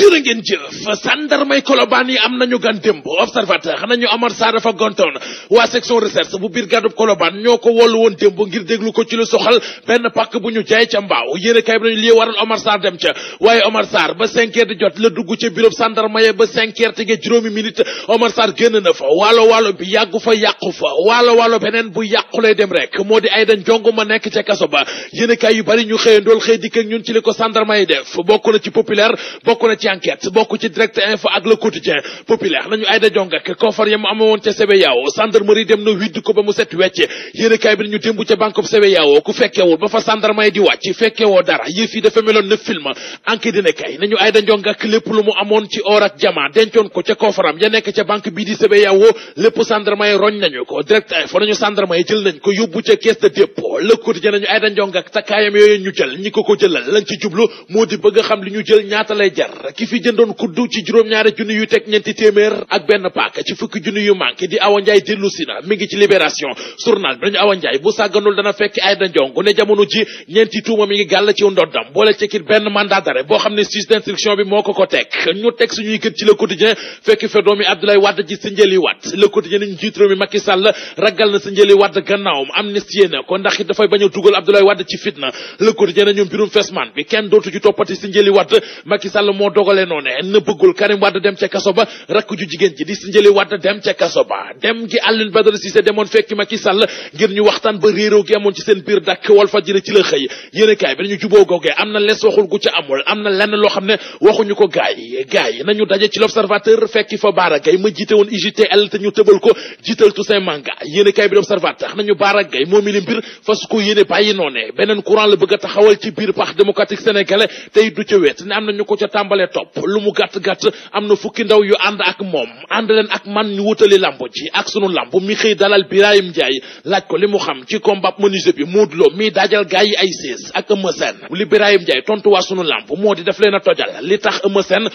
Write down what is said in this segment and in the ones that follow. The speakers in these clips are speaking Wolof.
jërë ngeen jëf sandarmay kolobaan yi am nañu gan démb observateur nañu Omar Sarr dafa gontoon waa section recherche bu biir gàddub kolobaan ñoo ko wolu woon démb ngir déglu ko ci lu soxal benn pàkk bu ñu jaay ca mbaaw yéene kay bi nañu lii waral Omar Sarr dem ca waaye Omar Sarr ba cinq heures di jot la dugg ca bureau sandarma ya ba cinq heures juróomi minute Omar Sarr génn na fa waalo waalo bi yàggu fa yàqu fa waalo waalo beneen bu yàqu lay dem rek moo di ay ma nekk ca kaso ba yéene kay yu bari ñu xëyandool enquête bokk ci direct info ak le quotidien populaire nañu ay dajong ak koofar ya mu ame woon ca CBAO yooyu ñu jël ñi ko ko jëlal lañ ci jublu moo di bëgg xam li ñu jël ñaata lay jar ki fi jëndoon kuddu ci juróom-ñaari junni yu teg ñeenti téeméer ak benn paak ci fukki junni yu manqué di Awa Ndiaye na mi ci libération journal bi nañu Awa bu sàgganul dana fekk Aïda Ndiongue ne jamono ji ñeenti tuuma mi ngi gàll ci ndoddam boole ci kit benn mandat boo xam ne juge d'instruction bi moo ko ko teg ñu teg suñuy gët ci le quotidien fekk fa doomi Abdoulaye Wade ji si njëli ci fitna le nañu mbirum fesman bi doxale noonu na bëggul Karim Wade dem ca kaso ba rakk ju jigéen ji di Sindiély Wade dem ca kaso ba dem gi Alioune Badara Cissé demoon fekki Macky Sall ngir ñu waxtaan ba réeroo gi amoon ci seen biir dakk Walfadjri ci la xëy yéenekaay bi dañu juboo googee am na lees waxul gu ca amul am na lenn loo xam ne waxuñu ko gaay gaay nañu daje ci l'observateur fekki fa Bara Gaye ma jiite woon UJTL te ñu tëbal ko jiital Toussaint Manga yéenekaay bi l'observateur a na ñu ko topp lu mu gàtt-gàtt am na fukki ndaw yu ànd ak moom ànd leen ak man ñu wutali lamb ji ak sunu lamb mi xëy dalal Birahim Ndiaye laaj ko li mu xam ci combat menuisier bi a tojal li tax Eumeu Sène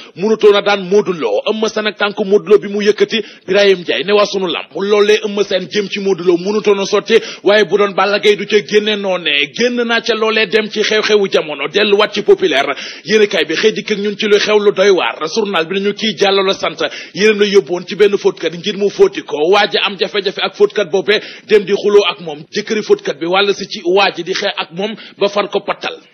a daan Modou Lo Eumeu ak tànk Modou bi mu yëkkati Birahim Ndiaye ne waa sunu lamb loolee Eumeu Sène jëm ci Modou Lo mënutoon a sotti waaye bu doon Balla Gaye du ca génne noonee génn naa ca loolee dem ci xew-xewu jamono delluwaat ci populaire yéenekaay bi xëy dikk ñun ci lu xew lu doy waar journal bi nañu kii jàllo la sant yéen la yóbboon ci benn fóotkat ngir mu fóoti ko waa ji am jafe-jafe ak fóotkat boobee dem di xuloo ak moom jëkkëri fóotkat bi wàll si ci waa ji di xeex ak moom ba far ko pattal